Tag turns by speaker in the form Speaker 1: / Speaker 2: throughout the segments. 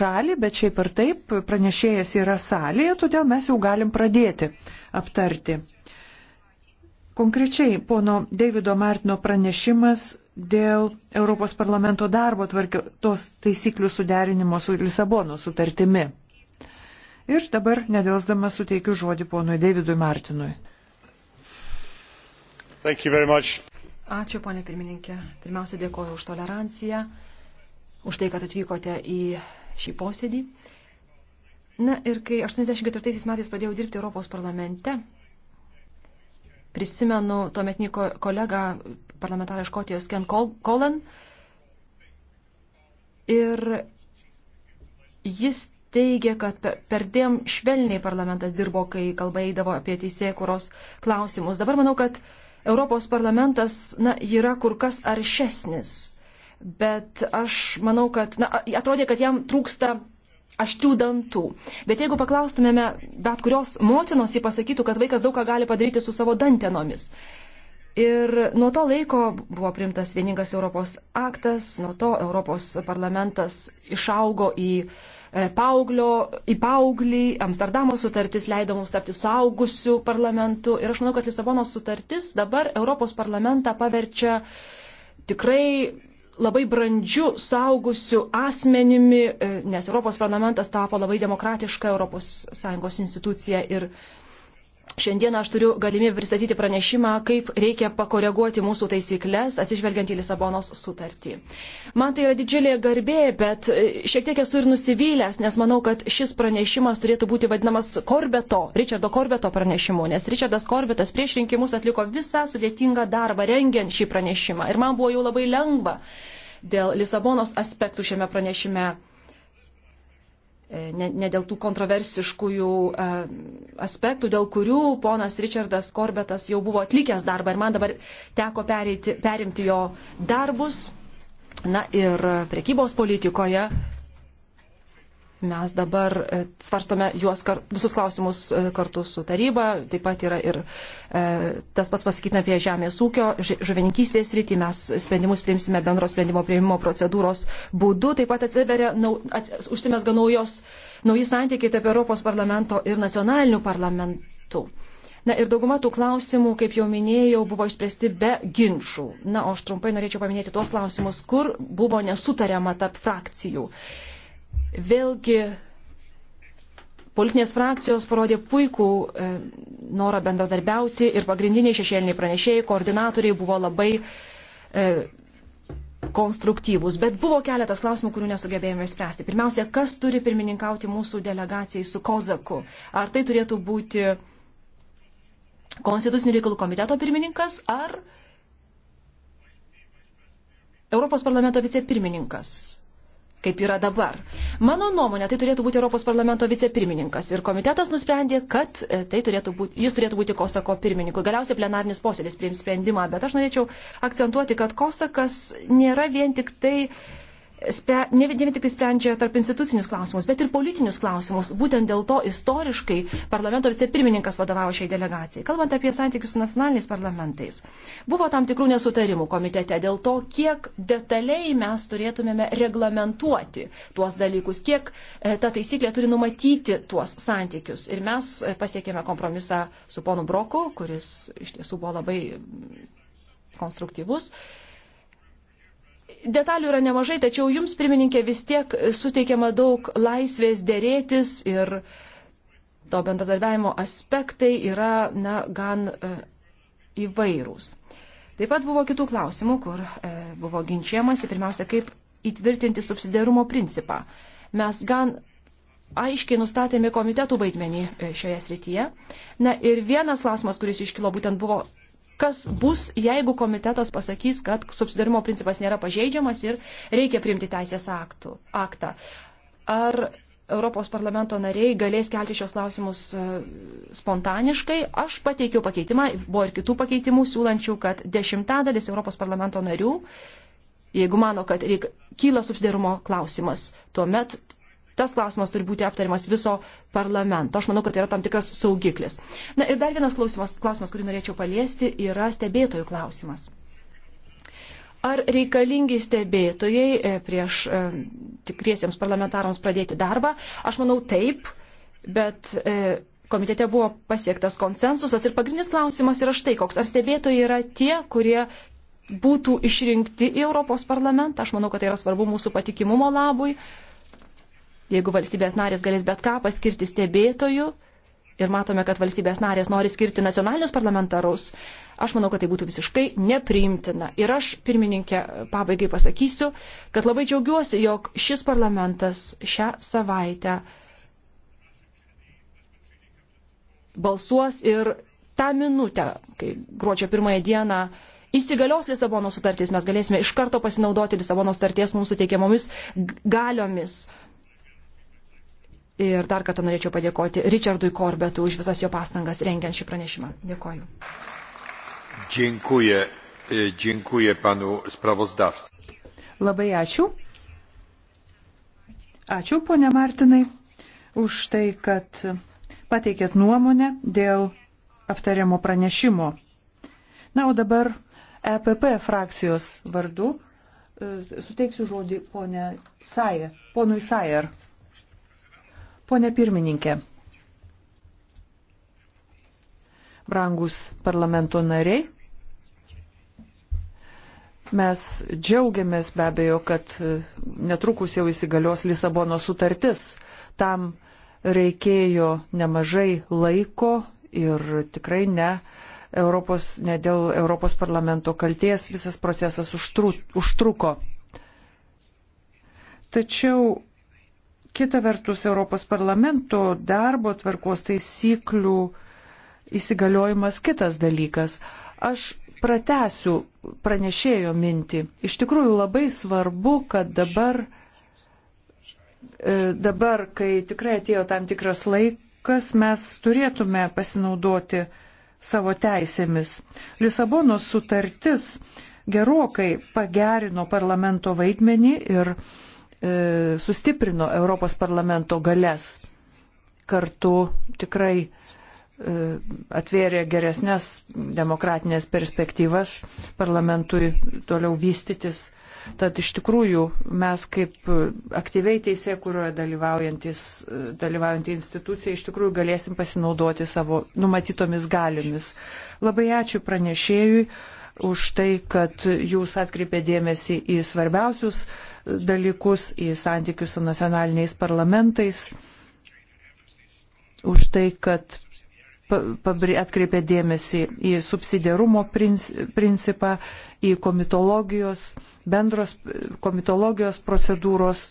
Speaker 1: šalį, bet šiaip ar taip pranešėjas yra salėje, todėl mes jau galim pradėti aptarti. Konkrečiai pono Davido Martino pranešimas dėl Europos parlamento darbo tvarkos taisyklių suderinimo su Lisabono sutartimi. Ir dabar nedelsdamas suteikiu žodį ponui Davidui Martinui.
Speaker 2: Ačiū, ponė pirmininkė. Pirmiausia, dėkoju už toleranciją, už tai, kad atvykote į šį posėdį. Na ir kai 84 metais pradėjau dirbti Europos parlamente, prisimenu tuometinį kolegą parlamentarą Škotijos Ken Colin ir jis teigia, kad per, per dėm švelniai parlamentas dirbo, kai kalba eidavo apie teisėkuros klausimus. Dabar manau, kad Europos parlamentas na, yra kur kas aršesnis bet aš manau, kad, na, atrodė, kad jam trūksta aštrių dantų. Bet jeigu paklaustumėme bet kurios motinos, ji pasakytų, kad vaikas daug ką gali padaryti su savo dantenomis. Ir nuo to laiko buvo primtas vieningas Europos aktas, nuo to Europos parlamentas išaugo į e, paauglio, į paauglį, Amsterdamo sutartis leido mums tapti suaugusių parlamentų ir aš manau, kad Lisabonos sutartis dabar Europos parlamentą paverčia tikrai labai brandžiu saugusiu asmenimi, e, nes Europos parlamentas tapo labai demokratiška ES institucija ir Šiandien aš turiu galimybę pristatyti pranešimą, kaip reikia pakoreguoti mūsų taisyklės, atsižvelgiant į Lisabonos sutartį. Man tai yra didžiulė garbė, bet e, šiek tiek esu ir nusivylęs, nes manau, kad šis pranešimas turėtų būti vadinamas Korbeto, Richardo Korbeto pranešimu, nes Richardas Korbetas prieš rinkimus atliko visą sudėtingą darbą rengiant šį pranešimą. Ir man buvo jau labai lengva dėl Lisabonos aspektų šiame pranešime E, ne, ne dėl tų kontroversiškųjų e, aspektų, dėl kurių ponas Richardas Korbetas jau buvo atlikęs darbą ir man dabar teko pereiti, perimti jo darbus. Na ir prekybos politikoje Mes dabar e, svarstome juos kar, visus klausimus e, kartu su taryba, taip pat yra ir e, tas pats pasakytina apie žemės ūkio, žuvininkystės rytį, mes sprendimus priimsime bendro sprendimo prieimimo procedūros būdu, taip pat atsiveria, nau, ats, užsimesga naujos, nauji santykiai tarp Europos parlamento ir nacionalinių parlamentų. Na ir dauguma tų klausimų, kaip jau minėjau, buvo išspręsti be ginčių. Na, o aš trumpai norėčiau paminėti tuos klausimus, kur buvo nesutariama tarp frakcijų. Vėlgi politinės frakcijos parodė puikų e, norą bendradarbiauti ir pagrindiniai šešėliniai pranešėjai, koordinatoriai buvo labai e, konstruktyvūs, bet buvo keletas klausimų, kurių nesugebėjome išspręsti. Pirmiausia, kas turi pirmininkauti mūsų delegacijai su Kozaku? Ar tai turėtų būti Konstitucinių reikalų komiteto pirmininkas ar Europos parlamento vicepirmininkas? kaip yra dabar. Mano nuomonė, tai turėtų būti Europos parlamento vicepirmininkas. Ir komitetas nusprendė, kad e, tai turėtų būti, jis turėtų būti Kosako pirmininku. Galiausiai plenarnis posėdis priims sprendimą, bet aš norėčiau akcentuoti, kad Kosakas nėra vien tik tai uh, spe, ne, ne vien tik tai sprendžia tarp institucinius klausimus, bet ir politinius klausimus. Būtent dėl to istoriškai parlamento vicepirmininkas vadovavo šiai delegacijai. Kalbant apie santykius su nacionaliniais parlamentais, buvo tam tikrų nesutarimų komitete dėl to, kiek detaliai mes turėtumėme reglamentuoti tuos dalykus, kiek e, ta taisyklė turi numatyti tuos santykius. Ir mes e, pasiekėme kompromisą su ponu Broku, kuris iš tiesų buvo labai konstruktyvus. Detalių yra nemažai, tačiau jums, pirmininkė, vis tiek suteikiama daug laisvės dėrėtis ir to bendradarbiavimo aspektai yra na, gan e, įvairūs. Taip pat buvo kitų klausimų, kur e, buvo ginčiamasi, pirmiausia, kaip įtvirtinti subsidiarumo principą. Mes gan aiškiai nustatėme komitetų vaidmenį e, šioje srityje. Na ir vienas klausimas, kuris iškilo būtent buvo kas bus, jeigu komitetas pasakys, kad subsidarimo principas nėra pažeidžiamas ir reikia priimti teisės aktų, aktą. Ar Europos parlamento nariai galės kelti šios klausimus e, spontaniškai. Aš pateikiau pakeitimą, buvo ir kitų pakeitimų, siūlančių, kad dešimtadalis Europos parlamento narių, jeigu mano, kad reik, kyla subsidarumo klausimas, tuomet tas klausimas turi būti aptariamas viso parlamento. Aš manau, kad tai yra tam tikras saugiklis. Na ir dar vienas klausimas, klausimas kurį norėčiau paliesti, yra stebėtojų klausimas. Ar reikalingi stebėtojai e, prieš e, tikriesiems parlamentarams pradėti darbą? Aš manau taip, bet e, komitete buvo pasiektas konsensusas ir pagrindinis klausimas yra štai koks. Ar stebėtojai yra tie, kurie būtų išrinkti į Europos parlamentą? Aš manau, kad tai yra svarbu mūsų patikimumo labui. Uh, jeigu valstybės narės galės bet ką paskirti stebėtojų ir matome, kad valstybės narės nori skirti nacionalinius parlamentarus, aš manau, kad tai būtų visiškai nepriimtina. Ir aš, pirmininkė, pabaigai pasakysiu, kad labai džiaugiuosi, jog šis parlamentas šią savaitę balsuos ir tą minutę, kai gruodžio pirmąją dieną įsigalios Lisabono sutartys, mes galėsime iš karto pasinaudoti Lisabono sutarties mums suteikiamomis galiomis. Ir dar kartą norėčiau padėkoti Richardui Korbetui už visas jo pastangas rengiant šį pranešimą. Dėkoju.
Speaker 3: Dziękuję, e, dziękuję panu
Speaker 1: sprawozdawcy. Labai ačiū. Ačiū, ponia Martinai, už tai, kad pateikėt nuomonę dėl aptariamo pranešimo. Na, o dabar EPP frakcijos vardu e, suteiksiu žodį ponė Sajer, ponui Sajer. Pone pirmininkė, brangus parlamento nariai, mes džiaugiamės be abejo, kad netrukus jau įsigalios Lisabono sutartis. Tam reikėjo nemažai laiko ir tikrai ne, Europos, ne dėl Europos parlamento kalties visas procesas užtru, užtruko. Tačiau Kita vertus, Europos parlamento darbo tvarkos taisyklių įsigaliojimas kitas dalykas. Aš pratesiu pranešėjo mintį. Iš tikrųjų labai svarbu, kad dabar, e, dabar, kai tikrai atėjo tam tikras laikas, mes turėtume pasinaudoti savo teisėmis. Lisabonos sutartis gerokai pagerino parlamento vaidmenį ir uh, E, sustiprino Europos parlamento galės, kartu tikrai e, atvėrė geresnės demokratinės perspektyvas parlamentui toliau vystytis. Tad iš tikrųjų mes kaip aktyviai teisė, kurioje dalyvaujantį e, instituciją, iš tikrųjų galėsim pasinaudoti savo numatytomis galiomis. Labai ačiū pranešėjui už tai, kad jūs atkreipė dėmesį į svarbiausius uh, dalykus, į santykius su nacionaliniais parlamentais, už tai, kad atkreipė dėmesį į subsidiarumo principą, į komitologijos, bendros komitologijos procedūros,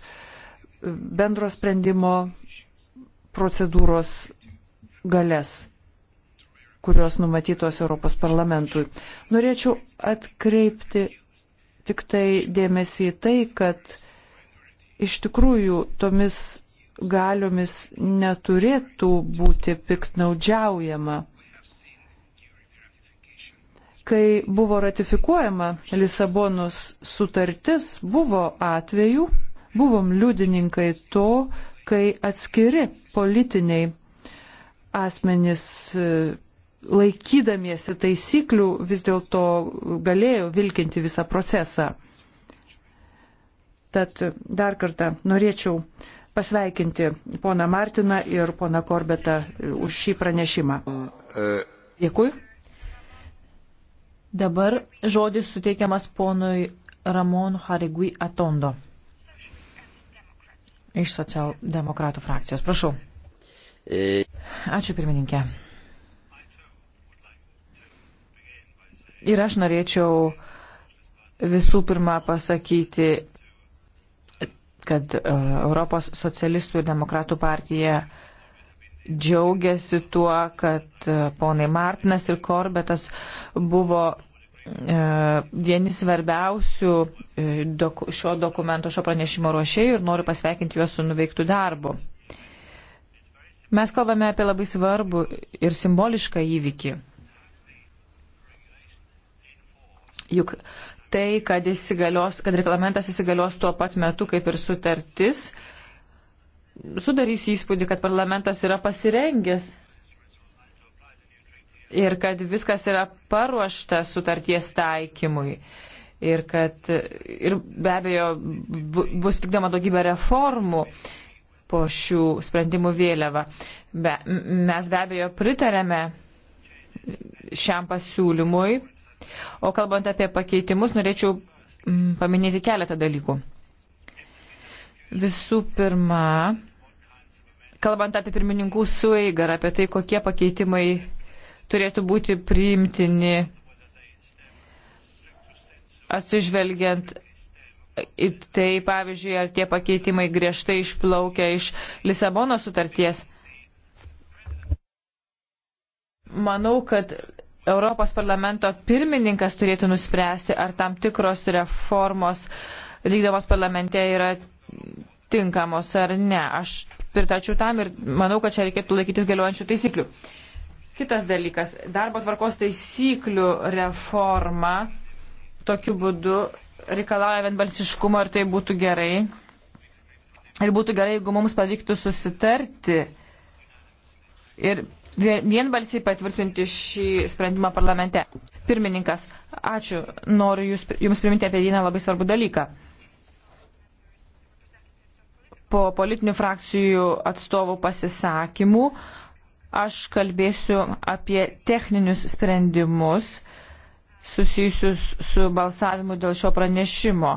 Speaker 1: bendro sprendimo procedūros galės, kurios numatytos Europos parlamentui. Norėčiau atkreipti tik tai dėmesį į tai, kad iš tikrųjų tomis galiomis neturėtų būti piktnaudžiaujama. Kai buvo ratifikuojama Lisabonos sutartis, buvo atvejų, buvom liudininkai to, kai atskiri politiniai asmenys laikydamiesi taisyklių vis dėlto galėjo vilkinti visą procesą. Tad dar kartą norėčiau pasveikinti poną Martiną ir poną Korbetą už šį pranešimą. Dėkui. Dabar žodis suteikiamas ponui
Speaker 3: Ramon Harigui Atondo iš socialdemokratų frakcijos. Prašau. E- Ačiū pirmininkė. ir aš norėčiau visų pirma pasakyti, kad e, Europos socialistų ir demokratų partija džiaugiasi tuo, kad e, ponai Martinas ir Korbetas buvo e, vieni svarbiausių šio dokumento, šio pranešimo ruošėjų ir noriu pasveikinti juos su nuveiktų darbu. Mes kalbame apie labai svarbų ir simbolišką įvykį. Juk tai, kad, įsigalios, kad reglamentas įsigalios tuo pat metu kaip ir sutartis, sudarys įspūdį, kad parlamentas yra pasirengęs ir kad viskas yra paruošta sutarties taikymui. Ir kad ir be abejo bus vykdoma daugybė reformų po šių sprendimų vėliava. Be, mes be abejo pritarėme šiam pasiūlymui O kalbant apie pakeitimus, norėčiau mm, paminėti keletą dalykų. Visų pirma, kalbant apie pirmininkų sueigą ir apie tai, kokie pakeitimai turėtų būti priimtini, atsižvelgiant į tai, pavyzdžiui, ar tie pakeitimai griežtai išplaukia iš Lisabono sutarties. Manau, kad Europos parlamento pirmininkas turėtų nuspręsti, ar tam tikros reformos vykdomos parlamente yra tinkamos ar ne. Aš pritačiau tam ir manau, kad čia reikėtų laikytis galiojančių taisyklių. Kitas dalykas - darbo tvarkos taisyklių reforma tokiu būdu reikalauja vienbalsiškumo ir tai būtų gerai. Ir būtų gerai, jeigu mums pavyktų susitarti ir vienbalsiai patvirtinti šį sprendimą parlamente. Pirmininkas, ačiū, noriu jūs, Jums priminti apie vieną labai svarbų dalyką. Po politinių frakcijų atstovų pasisakymų aš kalbėsiu apie techninius sprendimus susijusius su balsavimu dėl šio pranešimo.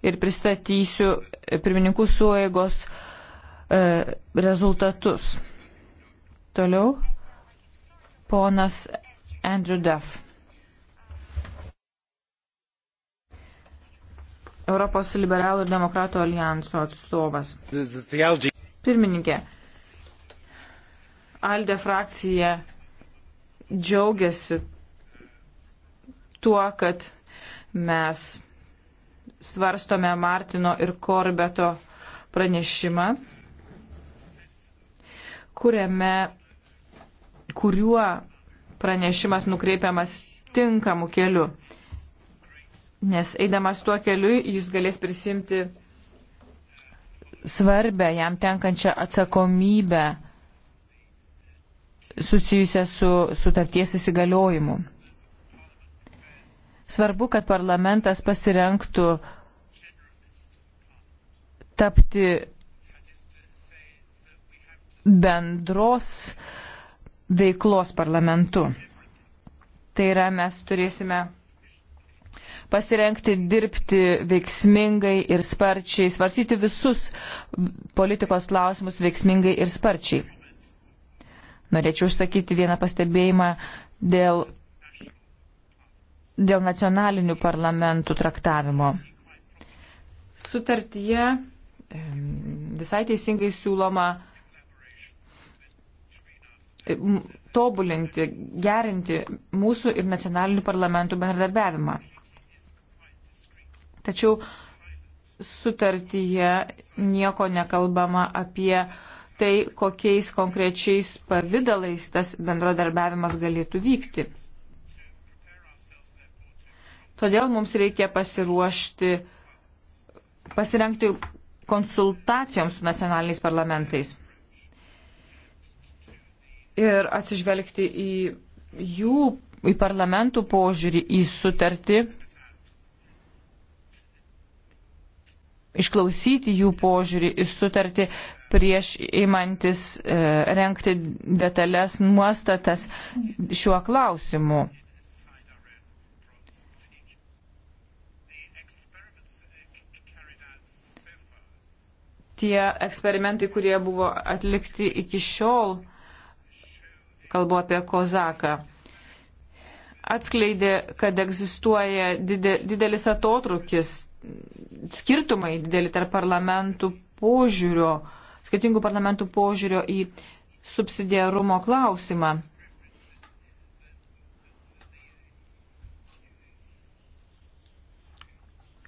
Speaker 3: Ir pristatysiu pirmininkų suėgos e, rezultatus. Toliau ponas Andrew Duff. Europos liberalų ir demokratų alijanso atstovas. Pirmininkė, Alde frakcija džiaugiasi tuo, kad mes svarstome Martino ir Korbeto pranešimą, kuriame kuriuo pranešimas nukreipiamas tinkamu keliu. Nes eidamas tuo keliu jis galės prisimti svarbę jam tenkančią atsakomybę susijusią su sutarties įsigaliojimu. Svarbu, kad parlamentas pasirenktų tapti bendros uh, veiklos parlamentu. Tai yra, mes turėsime pasirengti dirbti veiksmingai ir sparčiai, svarstyti visus politikos klausimus veiksmingai ir sparčiai. Norėčiau užsakyti vieną pastebėjimą dėl, dėl nacionalinių parlamentų traktavimo. Sutartyje visai teisingai siūloma tobulinti, gerinti mūsų ir nacionalinių parlamentų bendradarbiavimą. Tačiau sutartyje nieko nekalbama apie tai, kokiais konkrečiais pavydalais tas bendradarbiavimas galėtų vykti. Todėl mums reikia pasiruošti, pasirengti konsultacijoms su nacionaliniais parlamentais ir atsižvelgti į jų, į parlamentų požiūrį, į sutartį, išklausyti jų požiūrį, į sutartį prieš įmantis e, renkti detalės nuostatas šiuo klausimu. Tie eksperimentai, kurie buvo atlikti iki šiol, e, kalbu apie Kozaką, atskleidė, kad egzistuoja didelis atotrukis, skirtumai dideli tarp parlamentų požiūrio, skirtingų parlamentų požiūrio į subsidiarumo klausimą.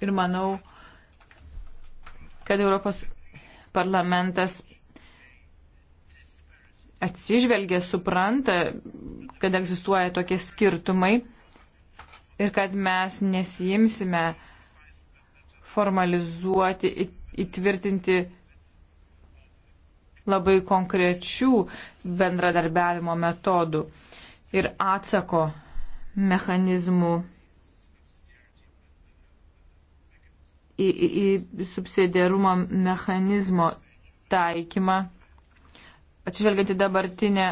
Speaker 3: Ir manau, kad Europos parlamentas atsižvelgia, supranta, kad egzistuoja tokie skirtumai ir kad mes nesijimsime formalizuoti, įtvirtinti labai konkrečių bendradarbiavimo metodų ir atsako mechanizmų į, į, į subsidiarumo mechanizmo taikymą atsižvelgiant į dabartinę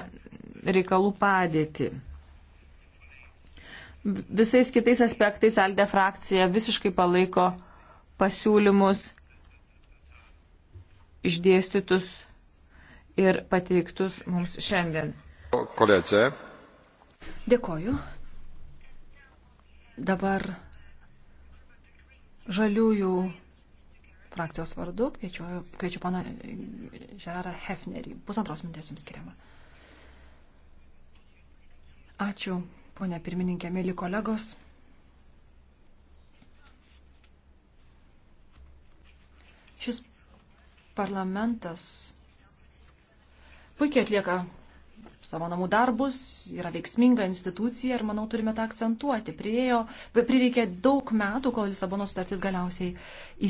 Speaker 3: reikalų padėtį. Visais kitais aspektais Alde frakcija visiškai palaiko pasiūlymus išdėstytus ir pateiktus mums šiandien. Kolece.
Speaker 2: Dėkoju. Dabar žaliųjų frakcijos vardu kviečiu, kviečiu pana Žerarą Hefnerį. Pusantros mintės jums skiriama. Ačiū, ponė pirmininkė, mėly kolegos. Šis parlamentas puikiai atlieka savo namų darbus, yra veiksminga institucija ir, manau, turime tą akcentuoti. Priejo, prireikė daug metų, kol Lisabono sutartis galiausiai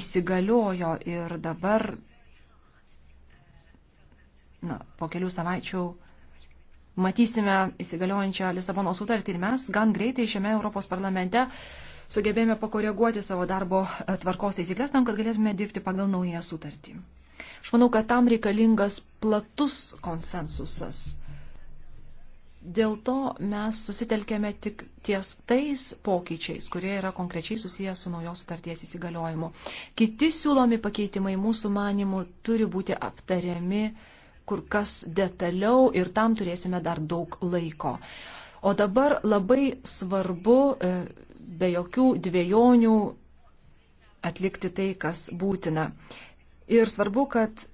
Speaker 2: įsigaliojo ir dabar, na, po kelių savaičių matysime įsigaliojančią Lisabono sutartį ir mes gan greitai šiame Europos parlamente sugebėjome pakoreguoti savo darbo tvarkos teisiklės tam, kad galėtume dirbti pagal naują sutartį. Aš manau, kad tam reikalingas platus konsensusas Dėl to mes susitelkėme tik ties tais pokyčiais, kurie yra konkrečiai susijęs su naujos sutarties įsigaliojimu. Kiti siūlomi pakeitimai mūsų manimų turi būti aptariami kur kas detaliau ir tam turėsime dar daug laiko. O dabar labai svarbu e, be jokių dviejonių atlikti tai, kas būtina. Ir svarbu, kad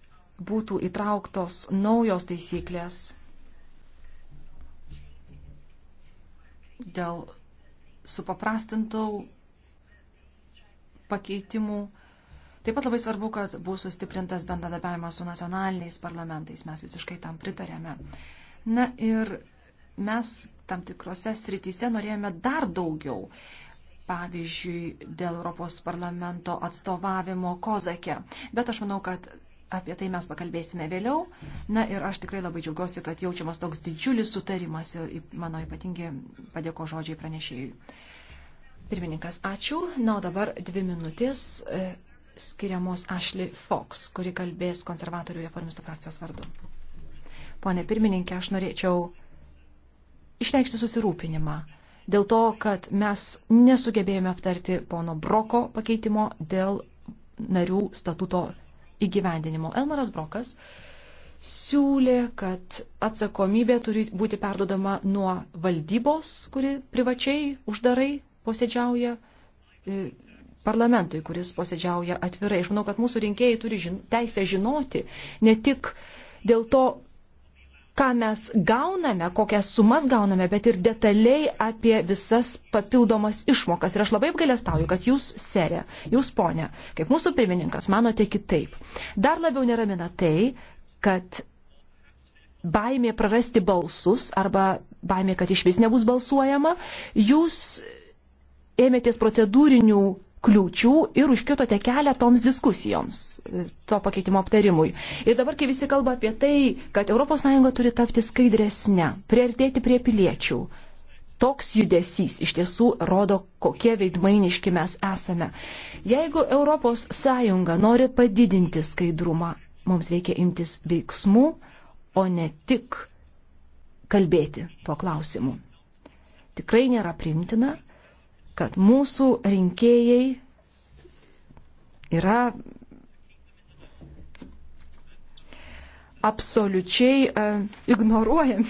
Speaker 2: būtų įtrauktos naujos taisyklės dėl supaprastintų pakeitimų. Taip pat labai svarbu, kad bus sustiprintas bendradarbiavimas su nacionaliniais parlamentais. Mes visiškai tam pritarėme. Na ir mes tam tikrose srityse norėjome dar daugiau. Pavyzdžiui, dėl Europos parlamento atstovavimo Kozakė. Bet aš manau, kad Apie tai mes pakalbėsime vėliau. Na ir aš tikrai labai džiaugiuosi, kad jaučiamas toks didžiulis sutarimas ir mano ypatingi padėko žodžiai pranešėjui. Pirmininkas, ačiū. Na, o dabar dvi minutės e, skiriamos Ashley Fox, kuri kalbės konservatorių reformistų frakcijos vardu. Pone pirmininkė, aš norėčiau išreikšti susirūpinimą dėl to, kad mes nesugebėjome aptarti pono Broko pakeitimo dėl narių statuto įgyvendinimo. Elmaras Brokas siūlė, kad atsakomybė turi būti perdodama nuo valdybos, kuri privačiai uždarai posėdžiauja e, parlamentui, kuris posėdžiauja atvirai. Aš manau, kad mūsų rinkėjai turi žin teisę žinoti ne tik dėl to, ką mes gauname, kokias sumas gauname, bet ir detaliai apie visas papildomas išmokas. Ir aš labai apgailestauju, kad jūs, serė, jūs ponė, kaip mūsų pirmininkas, manote kitaip. Dar labiau neramina tai, kad baimė prarasti balsus arba baimė, kad iš vis nebus balsuojama, jūs ėmėtės procedūrinių kliūčių ir užkirtote kelią toms diskusijoms, e, to pakeitimo aptarimui. Ir dabar, kai visi kalba apie tai, kad ES turi tapti skaidresnė, priartėti prie piliečių, toks judesys iš tiesų rodo, kokie veidmainiški mes esame. Jeigu ES nori padidinti skaidrumą, mums reikia imtis veiksmų, o ne tik kalbėti tuo klausimu. Tikrai nėra primtina, kad mūsų rinkėjai yra absoliučiai uh, ignoruojami.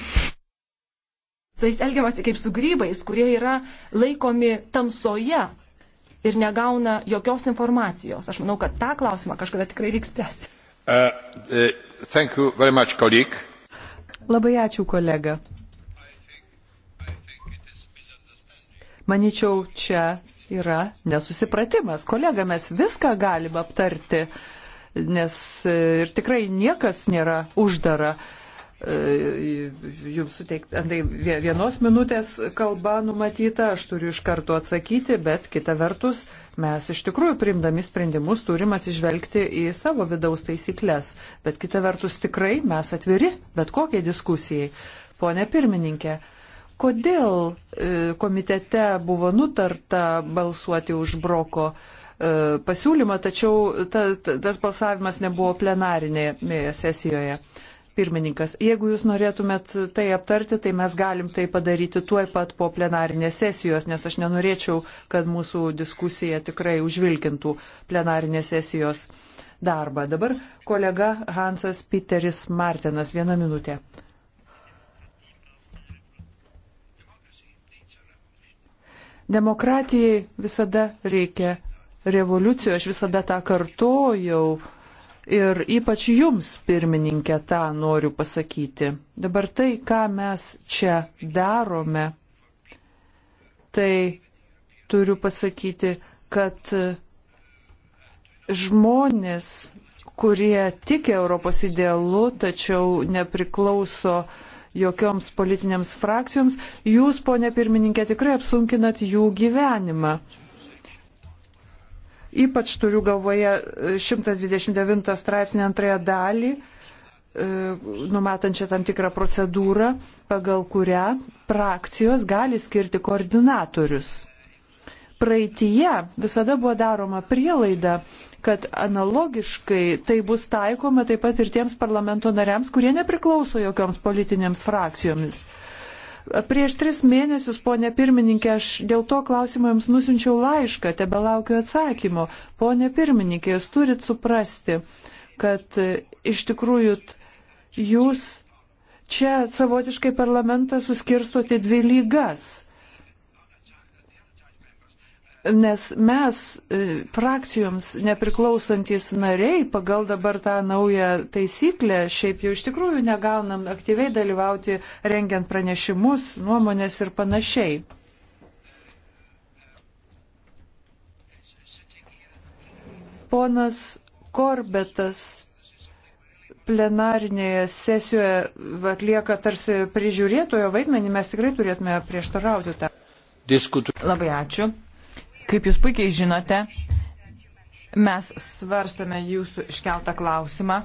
Speaker 2: Su jais elgiamasi kaip su grybais, kurie yra laikomi tamsoje ir negauna jokios informacijos. Aš manau, kad tą klausimą kažkada tikrai reiks spręsti.
Speaker 1: Uh, uh, much, colleague.
Speaker 2: Labai ačiū, kolega.
Speaker 1: Maničiau, čia yra nesusipratimas. Kolega, mes viską galime aptarti, nes e, ir tikrai niekas nėra uždara. E, jums suteikti, tai vienos minutės kalba numatyta, aš turiu iš karto atsakyti, bet kita vertus, mes iš tikrųjų priimdami sprendimus turim atsižvelgti į savo vidaus taisyklės, bet kita vertus tikrai mes atviri bet kokiai diskusijai. Pone pirmininkė, Kodėl e, komitete buvo nutarta balsuoti už broko e, pasiūlymą, tačiau ta, ta, tas balsavimas nebuvo plenarinėje sesijoje. Pirmininkas, jeigu jūs norėtumėt tai aptarti, tai mes galim tai padaryti tuoj pat po plenarinės sesijos, nes aš nenorėčiau, kad mūsų diskusija tikrai užvilkintų plenarinės sesijos darbą. Dabar kolega Hansas Piteris Martinas, vieną minutę. Demokratijai visada reikia revoliucijų, aš visada tą kartojau. Ir ypač jums, pirmininkė, tą noriu pasakyti. Dabar tai, ką mes čia darome, tai turiu pasakyti, kad žmonės, kurie tiki Europos idealu, tačiau nepriklauso uh, jokioms politinėms frakcijoms, jūs, ponė pirmininkė, tikrai apsunkinat jų gyvenimą. Ypač turiu galvoje 129 straipsnį antrąją dalį, e, numatančią tam tikrą procedūrą, pagal kurią frakcijos gali skirti koordinatorius. Praeitie visada buvo daroma prielaida, kad analogiškai tai bus taikoma taip pat ir tiems parlamento nariams, kurie nepriklauso jokioms politinėms frakcijomis. Prieš tris mėnesius, ponė pirmininkė, aš dėl to klausimo jums nusinčiau laišką, tebe laukiu atsakymo. Ponė pirmininkė, jūs turit suprasti, kad e, iš tikrųjų jūs čia savotiškai parlamentą suskirstote dvi lygas nes mes e, frakcijoms nepriklausantis nariai pagal dabar tą naują taisyklę šiaip jau iš tikrųjų negaunam aktyviai dalyvauti rengiant pranešimus, nuomonės ir panašiai. Ponas Korbetas plenarinėje sesijoje atlieka tarsi prižiūrėtojo vaidmenį, mes tikrai turėtume prieštarauti tą. Diskutu. Labai ačiū. Kaip jūs puikiai žinote,
Speaker 3: mes svarstome jūsų iškeltą klausimą.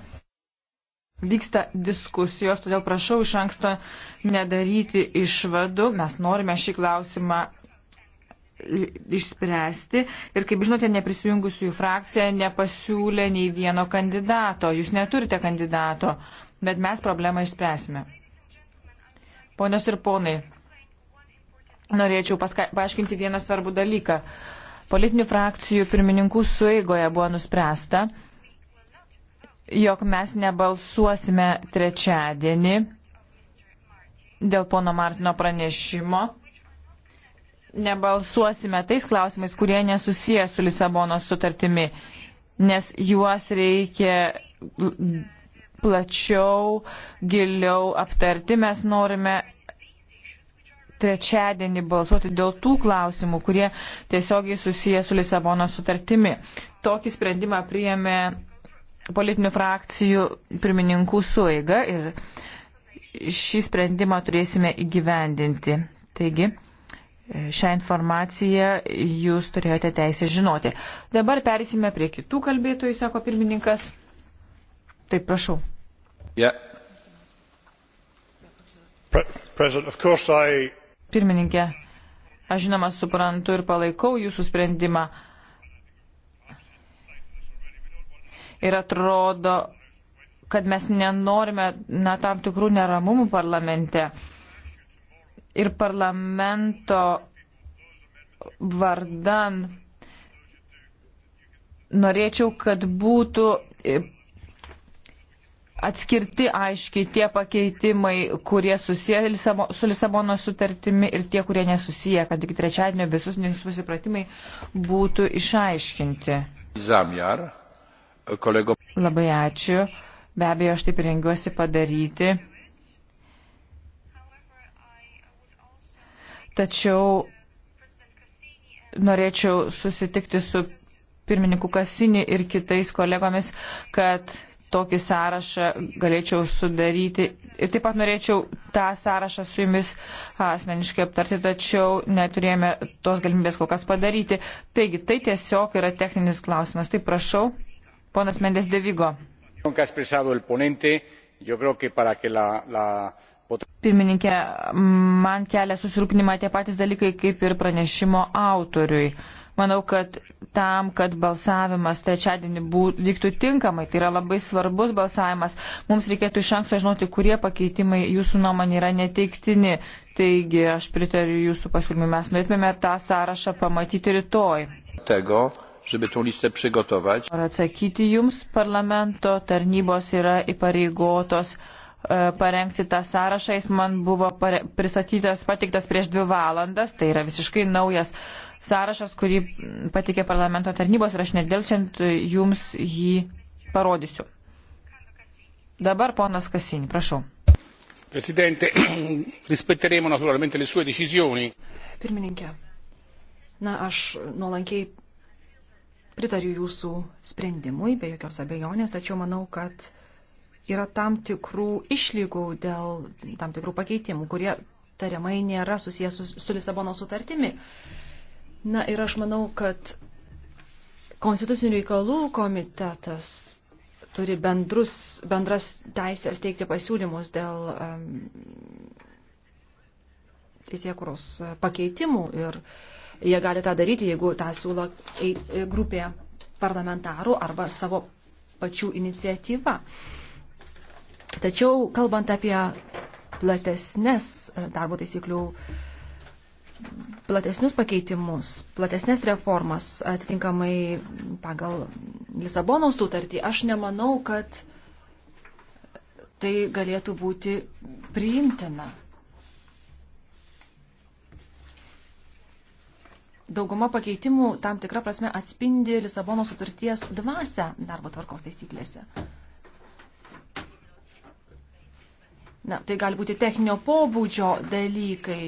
Speaker 3: Vyksta diskusijos, todėl prašau iš anksto nedaryti išvadų. Mes norime šį klausimą išspręsti. Ir kaip žinote, neprisijungusiųjų frakcija nepasiūlė nei vieno kandidato. Jūs neturite kandidato, bet mes problemą išspręsime. Ponios ir ponai, norėčiau paska, paaiškinti vieną svarbų dalyką. Politinių frakcijų pirmininkų sueigoje buvo nuspręsta, jog mes nebalsuosime trečiadienį dėl pono Martino pranešimo. Nebalsuosime tais klausimais, kurie nesusiję su Lisabonos sutartimi, nes juos reikia plačiau, giliau aptarti. Mes norime trečiadienį balsuoti dėl tų klausimų, kurie tiesiogiai susiję su Lisabono sutartimi. Tokį sprendimą priėmė politinių frakcijų pirmininkų suiga ir šį sprendimą turėsime įgyvendinti. Taigi, šią informaciją jūs turėjote teisę žinoti. Dabar perėsime prie kitų kalbėtojų, sako pirmininkas. Taip, prašau. Yeah. Pre President, of course I Pirmininkė, aš žinoma suprantu ir palaikau jūsų sprendimą. Ir atrodo, kad mes nenorime na, tam tikrų neramumų parlamente. Ir parlamento vardan norėčiau, kad būtų e, atskirti aiškiai tie pakeitimai, kurie susiję Lisabo, su Lisabono sutartimi ir tie, kurie nesusiję, kad iki trečiadienio visus nesusipratimai būtų išaiškinti. Zamjar, kolego. Labai ačiū. Be abejo, aš taip rengiuosi padaryti. Tačiau norėčiau susitikti su pirmininku Kasini ir kitais kolegomis, kad tokį sąrašą galėčiau sudaryti. Ir taip pat norėčiau tą sąrašą su jumis asmeniškai aptarti, tačiau neturėjome tos galimybės kol kas padaryti. Taigi, tai tiesiog yra techninis klausimas. Tai prašau, ponas Mendes Devigo. Pirmininkė, man kelia susirūpinimą tie patys dalykai kaip ir pranešimo autoriui. Uh, Manau, kad tam, kad balsavimas trečiadienį vyktų tinkamai, tai yra labai svarbus balsavimas, mums reikėtų iš anksto žinoti, kurie pakeitimai jūsų nuomonė yra neteiktini. Taigi aš pritariu jūsų pasiūlymui, mes norėtume tą sąrašą pamatyti rytoj.
Speaker 1: Tego żeby tą listę przygotować.
Speaker 3: Ar atsakyti jums parlamento tarnybos yra įpareigotos e, parengti tą sąrašą. Jis man buvo pristatytas, patiktas prieš dvi valandas, tai yra visiškai naujas sąrašas, kurį patikė parlamento tarnybos ir aš nedėlčiant jums jį parodysiu. Dabar
Speaker 2: ponas Kasinį, prašau.
Speaker 3: Presidente, rispetteremo naturalmente le sue decisioni.
Speaker 2: Pirmininkė, na aš nuolankiai pritariu jūsų sprendimui, be jokios abejonės, tačiau manau, kad yra tam tikrų išlygų dėl tam tikrų pakeitimų, kurie tariamai nėra susijęs su, su Lisabono sutartimi. Na ir aš manau, kad Konstitucinių reikalų komitetas turi bendrus, bendras teisės teikti pasiūlymus dėl um, teisėkuros pakeitimų ir jie gali tą daryti, jeigu tą siūlo e, grupė parlamentarų arba savo pačių iniciatyva. Tačiau, kalbant apie platesnes e, darbo taisyklių platesnius pakeitimus, platesnės reformas atitinkamai pagal Lisabonos sutartį, aš nemanau, kad tai galėtų būti priimtina. Dauguma pakeitimų tam tikrą prasme atspindi Lisabono sutarties dvasę darbo tvarkos taisyklėse. Na, tai gali būti techninio pobūdžio dalykai,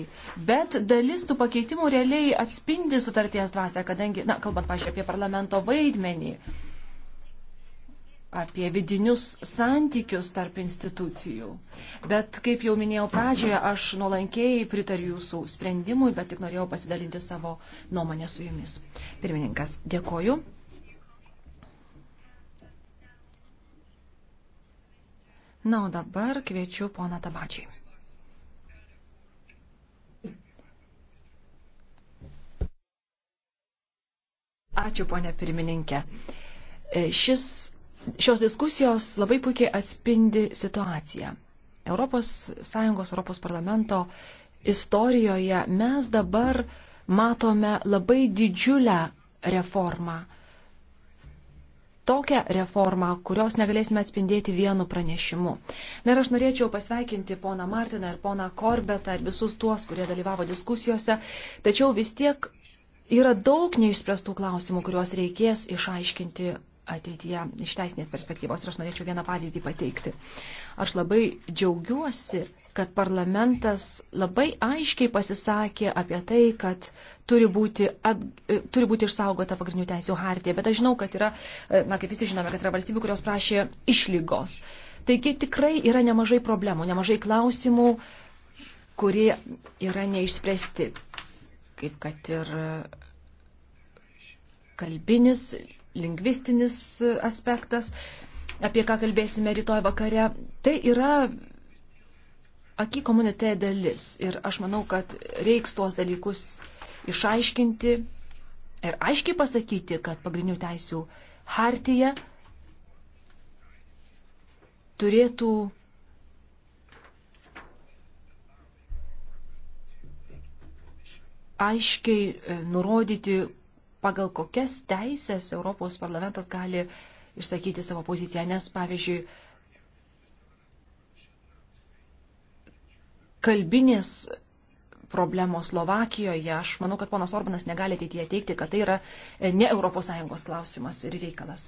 Speaker 2: bet dalis tų pakeitimų realiai atspindi sutarties dvasę, kadangi, na, kalbant, pažiūrėjau, apie parlamento vaidmenį, apie vidinius santykius tarp institucijų. Bet, kaip jau minėjau pradžioje, aš nuolankiai pritariu jūsų sprendimui, bet tik norėjau pasidalinti savo nuomonę su jumis. Pirmininkas, dėkoju. Na, o dabar kviečiu poną Tabačiai. Ačiū, ponė pirmininkė. E, šis, šios diskusijos labai puikiai atspindi situaciją. ES, ES parlamento istorijoje mes dabar matome labai didžiulę reformą tokią reformą, kurios negalėsime atspindėti vienu pranešimu. Na ir aš norėčiau pasveikinti poną Martiną ir poną Korbetą ir visus tuos, kurie dalyvavo diskusijose, tačiau vis tiek yra daug neišspręstų klausimų, kuriuos reikės išaiškinti ateityje iš teisinės perspektyvos ir aš norėčiau vieną pavyzdį pateikti. Aš labai džiaugiuosi kad parlamentas labai aiškiai pasisakė apie tai, kad turi būti, ap, e, turi būti išsaugota pagrindinių teisų hartija. Bet aš žinau, kad yra, e, na kaip visi žinome, kad yra valstybių, kurios prašė išlygos. Taigi tikrai yra nemažai problemų, nemažai klausimų, kurie yra neišspręsti. Kaip kad ir kalbinis, lingvistinis aspektas, apie ką kalbėsime rytoj vakare. Tai yra aki komunitė dalis ir aš manau, kad reiks tuos dalykus išaiškinti ir aiškiai pasakyti, kad pagrindinių teisių hartija turėtų aiškiai e, nurodyti, pagal kokias teisės Europos parlamentas gali išsakyti savo poziciją, nes, pavyzdžiui, kalbinės problemos Slovakijoje. Aš manau, kad ponas Orbanas negali ateityje teikti, kad tai yra e, ne ES klausimas ir reikalas.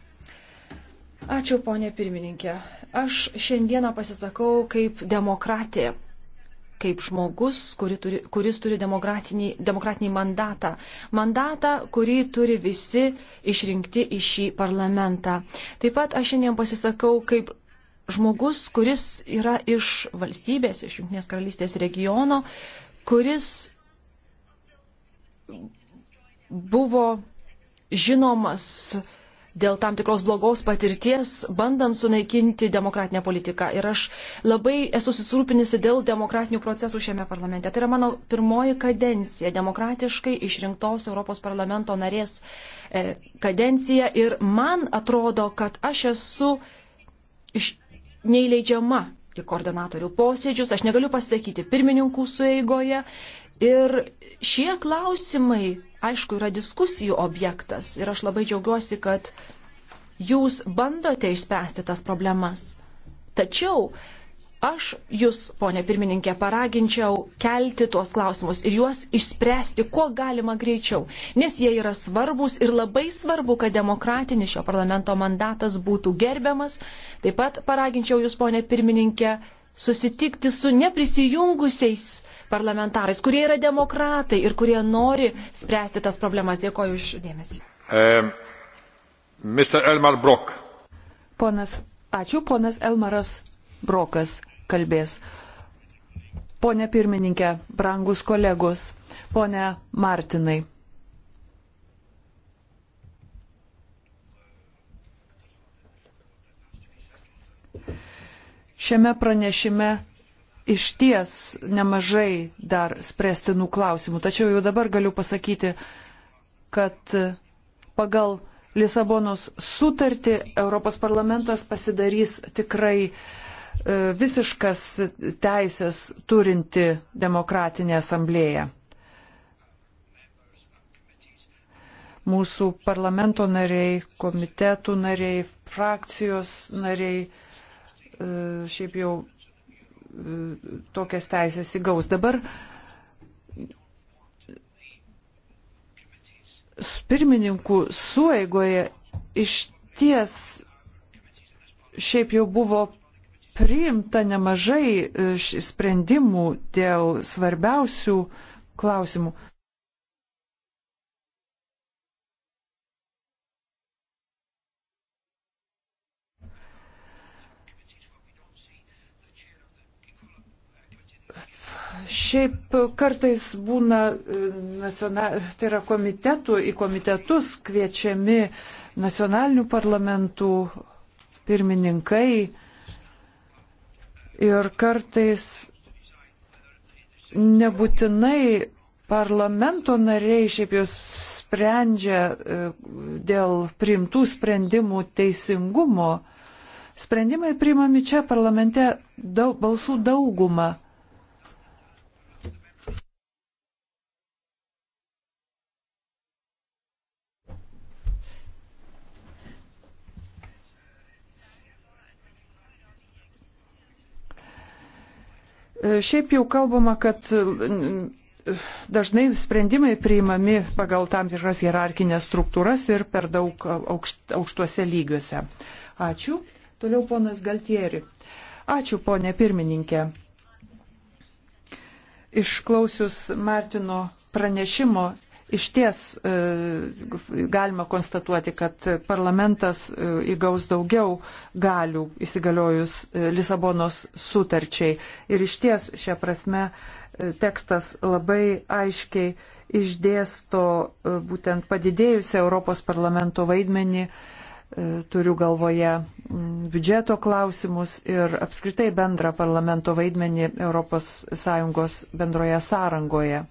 Speaker 2: Ačiū, ponė pirmininkė. Aš šiandieną pasisakau kaip demokratė, kaip žmogus, kuri turi, kuris turi demokratinį, demokratinį mandatą. Mandatą, kurį turi visi išrinkti į šį parlamentą. Taip pat aš šiandien pasisakau kaip žmogus, kuris yra iš valstybės, iš Junktinės karalystės regiono, kuris buvo žinomas dėl tam tikros blogos patirties, bandant sunaikinti demokratinę politiką. Ir aš labai esu susirūpinusi dėl demokratinių procesų šiame parlamente. Tai yra mano pirmoji kadencija, demokratiškai išrinktos Europos parlamento narės e, kadencija. Ir man atrodo, kad aš esu iš neįleidžiama į koordinatorių posėdžius, aš negaliu pasakyti pirmininkų sueigoje. Ir šie klausimai, aišku, yra diskusijų objektas ir aš labai džiaugiuosi, kad jūs bandote išspręsti tas problemas. Tačiau Aš jūs, ponė pirmininkė, paraginčiau kelti tuos klausimus ir juos išspręsti kuo galima greičiau, nes jie yra svarbus ir labai svarbu, kad demokratinis šio parlamento mandatas būtų gerbiamas. Taip pat paraginčiau jūs, ponė pirmininkė, susitikti su neprisijungusiais parlamentarais, kurie yra demokratai ir kurie nori spręsti tas problemas. Dėkoju už dėmesį. Um, Ponas, ačiū, ponas Elmaras
Speaker 1: Brokas kalbės. Pone pirmininkė, brangus kolegos, pone Martinai. Šiame pranešime iš ties nemažai dar spręstinų klausimų, tačiau jau dabar galiu pasakyti, kad pagal Lisabonos sutartį Europos parlamentas pasidarys tikrai uh, E, visiškas teisės turinti demokratinė asamblėja. Mūsų parlamento nariai, komitetų nariai, frakcijos nariai e, šiaip jau e, tokias teisės įgaus. Dabar pirmininkų sueigoje iš ties šiaip jau buvo priimta nemažai e, sprendimų dėl svarbiausių klausimų. Šiaip kartais būna, e, tai yra komitetų, į komitetus kviečiami nacionalinių parlamentų pirmininkai, Ir kartais nebūtinai parlamento nariai šiaip jau sprendžia e, dėl priimtų sprendimų teisingumo. Sprendimai priimami čia parlamente daug, balsų daugumą. E, šiaip jau kalbama, kad e, dažnai sprendimai priimami pagal tam tikras hierarkinės struktūras ir per daug aukšt, aukštuose lygiuose. Ačiū. Toliau ponas Galtieri. Ačiū, ponė pirmininkė. Išklausius Martino pranešimo iš ties e, galima konstatuoti, kad parlamentas e, įgaus daugiau galių įsigaliojus e, Lisabonos sutarčiai. Ir iš ties šią prasme tekstas labai aiškiai išdėsto būtent padidėjusią Europos parlamento vaidmenį, turiu galvoje biudžeto klausimus ir apskritai bendrą parlamento vaidmenį ES bendroje sąrangoje.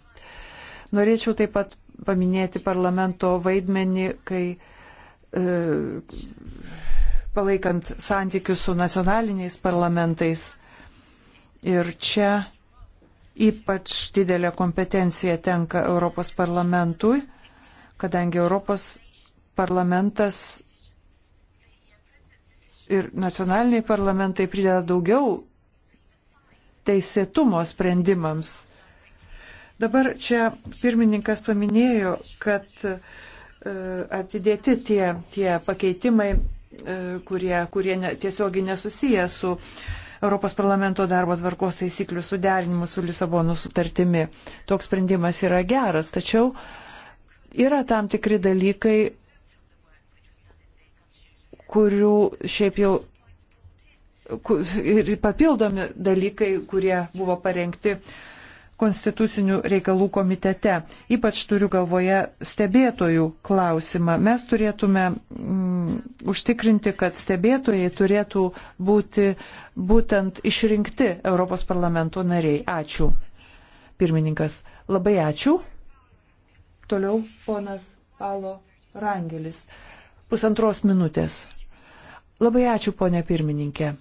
Speaker 1: Norėčiau taip pat paminėti parlamento vaidmenį, kai e, palaikant santykius su nacionaliniais parlamentais. Ir čia ypač didelė kompetencija tenka Europos parlamentui, kadangi Europos parlamentas ir nacionaliniai parlamentai prideda daugiau teisėtumo sprendimams Dabar čia pirmininkas paminėjo, kad e, atidėti tie, tie pakeitimai, e, kurie, kurie ne, tiesiogiai nesusiję su Europos parlamento darbo tvarkos taisyklių suderinimu su Lisabonų sutartimi. Toks sprendimas yra geras, tačiau yra tam tikri dalykai, kurių šiaip jau ir papildomi dalykai, kurie buvo parengti uh, konstitucinių reikalų komitete. Ypač turiu galvoje stebėtojų klausimą. Mes turėtume mm, užtikrinti, kad stebėtojai turėtų būti būtent išrinkti Europos parlamento nariai. Ačiū. Pirmininkas, labai ačiū. Toliau ponas Alo Rangelis. Pusantros minutės. Labai ačiū, ponė pirmininkė.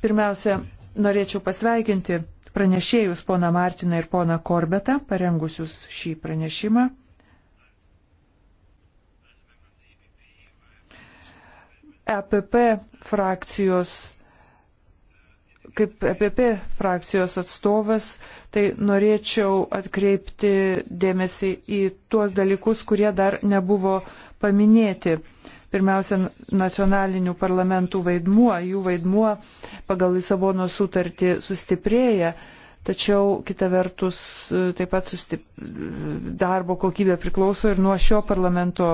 Speaker 1: Pirmiausia, norėčiau pasveikinti pranešėjus pona Martiną ir pona Korbetą, parengusius šį pranešimą. EPP frakcijos, kaip EPP frakcijos atstovas, tai norėčiau atkreipti dėmesį į tuos dalykus, kurie dar nebuvo paminėti pirmiausia, nacionalinių parlamentų vaidmuo, jų vaidmuo pagal Lisabono sutartį sustiprėja, tačiau kita vertus e, taip pat sustip... darbo kokybė priklauso ir nuo šio parlamento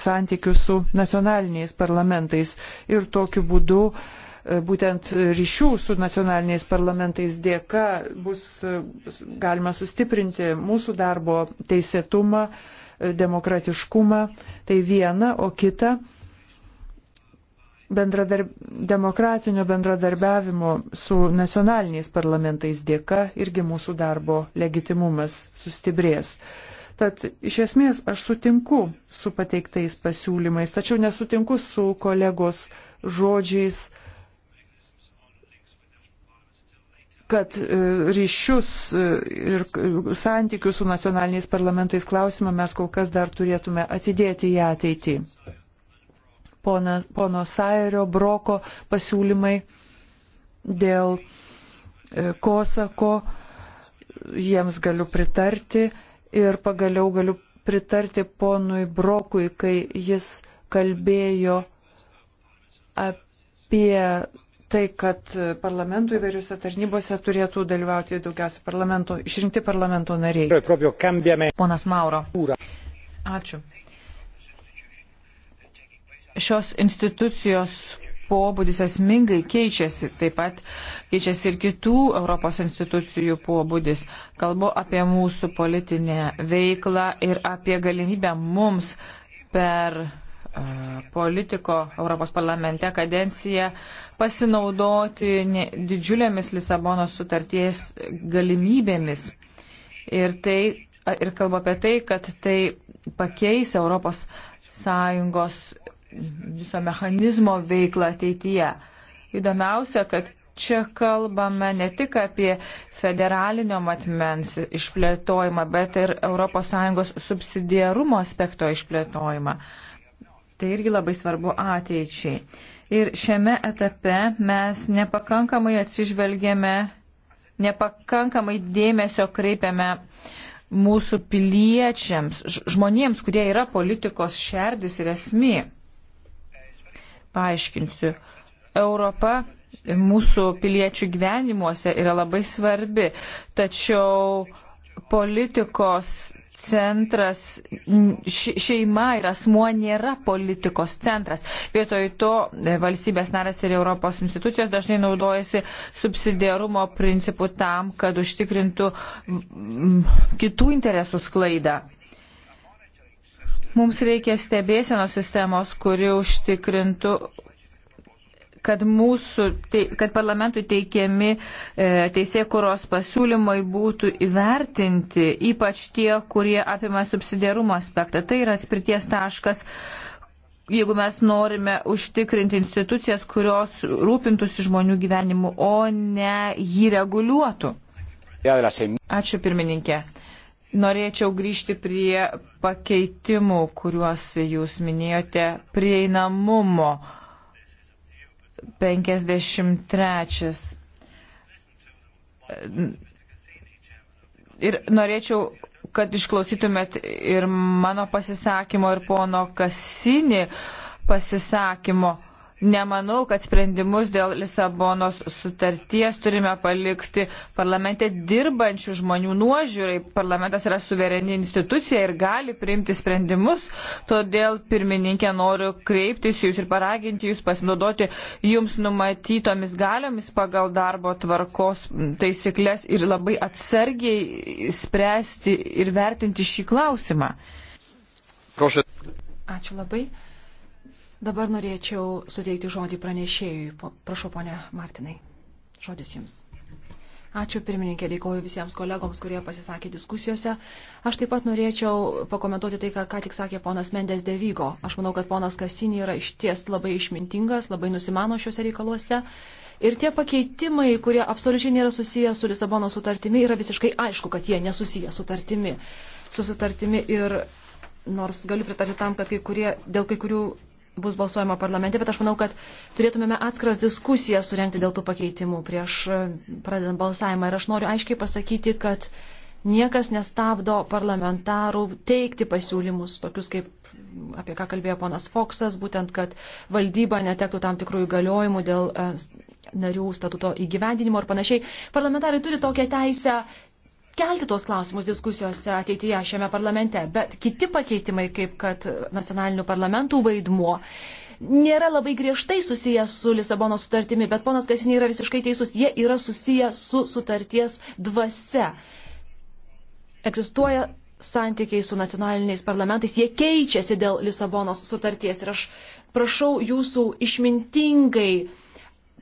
Speaker 1: santykių su nacionaliniais parlamentais ir tokiu būdu e, būtent ryšių su nacionaliniais parlamentais dėka bus e, galima sustiprinti mūsų darbo teisėtumą, demokratiškumą. Tai viena, o kita bendradarb, demokratinio bendradarbiavimo su nacionaliniais parlamentais dėka irgi mūsų darbo legitimumas sustiprės. Tad iš esmės aš sutinku su pateiktais pasiūlymais, tačiau nesutinku su kolegos žodžiais, uh, kad e, ryšius e, ir santykius su nacionaliniais parlamentais klausimą mes kol kas dar turėtume atidėti į ateitį. Pona, pono Sairio Broko pasiūlymai dėl e, Kosako, jiems galiu pritarti ir pagaliau galiu pritarti ponui Brokui, kai jis kalbėjo apie tai, kad parlamentų įvairiuose tarnybose turėtų dalyvauti daugiausia parlamento, išrinkti parlamento nariai. Ponas Mauro. Ačiū. Šios
Speaker 3: institucijos pobūdis esmingai keičiasi, taip pat keičiasi ir kitų Europos institucijų pobūdis. Kalbu apie mūsų politinę veiklą ir apie galimybę mums per E, politiko Europos parlamente kadenciją pasinaudoti didžiulėmis Lisabonos sutarties galimybėmis. Ir, tai, ir kalba apie tai, kad tai pakeis Europos Sąjungos viso mechanizmo veiklą ateityje. Įdomiausia, kad čia kalbame ne tik apie federalinio matmens išplėtojimą, bet ir ES subsidiarumo aspekto išplėtojimą. Uh, Tai irgi labai svarbu ateičiai. Ir šiame etape mes nepakankamai atsižvelgėme, nepakankamai dėmesio kreipiame mūsų piliečiams, žmonėms, kurie yra politikos šerdis ir esmė. Paaiškinsiu. Europa mūsų piliečių gyvenimuose yra labai svarbi, tačiau politikos centras, šeima ir asmuo nėra politikos centras. Vietoj to e, valstybės narės ir Europos institucijos dažnai naudojasi subsidiarumo principų tam, kad užtikrintų kitų interesų sklaidą. Mums reikia stebėsenos sistemos, kuri užtikrintų kad, mūsų, tai, kad parlamentui teikiami e, teisėkuros pasiūlymai būtų įvertinti, ypač tie, kurie apima subsidiarumo aspektą. Tai yra atspirties taškas, jeigu mes norime užtikrinti institucijas, kurios rūpintųsi žmonių gyvenimu, o ne jį reguliuotų. Ačiū pirmininkė. Norėčiau grįžti prie pakeitimų, kuriuos jūs minėjote, prieinamumo 53. Ir norėčiau, kad išklausytumėt ir mano pasisakymo, ir pono Kasinį pasisakymo. Nemanau, kad sprendimus dėl Lisabonos sutarties turime palikti parlamente dirbančių žmonių nuožiūrai. Parlamentas yra suvereni institucija ir gali priimti sprendimus. Todėl, pirmininkė, noriu kreiptis jūs ir paraginti jūs pasinaudoti jums numatytomis galiomis pagal darbo tvarkos taisyklės ir labai atsargiai spręsti ir vertinti šį klausimą. Prošė.
Speaker 2: Ačiū labai. Dabar norėčiau suteikti žodį pranešėjui. Prašau, ponė Martinai, žodis jums. Ačiū pirmininkė, dėkoju visiems kolegoms, kurie pasisakė diskusijose. Aš taip pat norėčiau pakomentuoti tai, ką, ką tik sakė ponas Mendes Devygo. Aš manau, kad ponas Kasinį yra išties labai išmintingas, labai nusimano šiuose reikaluose. Ir tie pakeitimai, kurie absoliučiai nėra susiję su Lisabono sutartimi, yra visiškai aišku, kad jie nesusiję sutartimi. su sutartimi. Ir nors galiu pritarti tam, kad kai kurie, dėl kai kurių bus balsuojama parlamente, bet aš manau, kad turėtumėme atskiras diskusijas surenkti dėl tų pakeitimų prieš e, pradedant balsavimą. Ir aš noriu aiškiai pasakyti, kad niekas nestabdo parlamentarų teikti pasiūlymus, tokius kaip apie ką kalbėjo ponas Foksas, būtent, kad valdyba netektų tam tikrų įgaliojimų dėl e, narių statuto įgyvendinimo ir panašiai. Parlamentarai turi tokią teisę kelti tos klausimus diskusijose ateityje šiame parlamente, bet kiti pakeitimai, kaip kad nacionalinių parlamentų vaidmuo, nėra labai griežtai susijęs su Lisabono sutartimi, bet ponas Kasinė yra visiškai teisus, jie yra susijęs su sutarties dvasia. Egzistuoja santykiai su nacionaliniais parlamentais, jie keičiasi dėl Lisabonos sutarties ir aš prašau jūsų išmintingai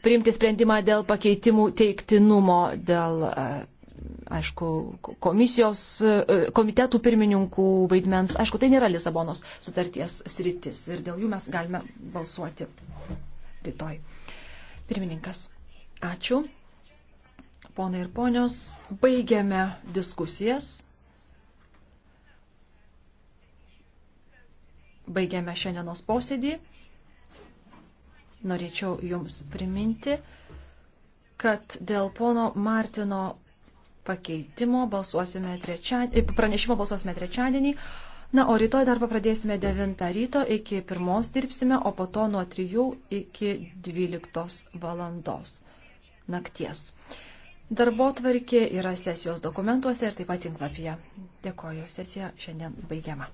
Speaker 2: priimti sprendimą dėl pakeitimų teiktinumo, dėl uh, aišku, komisijos, e, komitetų pirmininkų vaidmens. Aišku, tai nėra Lisabonos sutarties sritis ir dėl jų mes galime balsuoti rytoj. Pirmininkas, ačiū. Ponai ir ponios, baigiame diskusijas. Baigiame šiandienos posėdį. Norėčiau Jums priminti, kad dėl pono Martino pakeitimo balsuosime trečiadienį, pranešimo balsuosime trečiadienį. Na, o rytoj darbą pradėsime 9 ryto iki 1 dirbsime, o po to nuo 3 iki 12 valandos nakties. Darbo tvarkė yra sesijos dokumentuose ir taip pat tinklapyje. Dėkoju, sesija šiandien baigiama.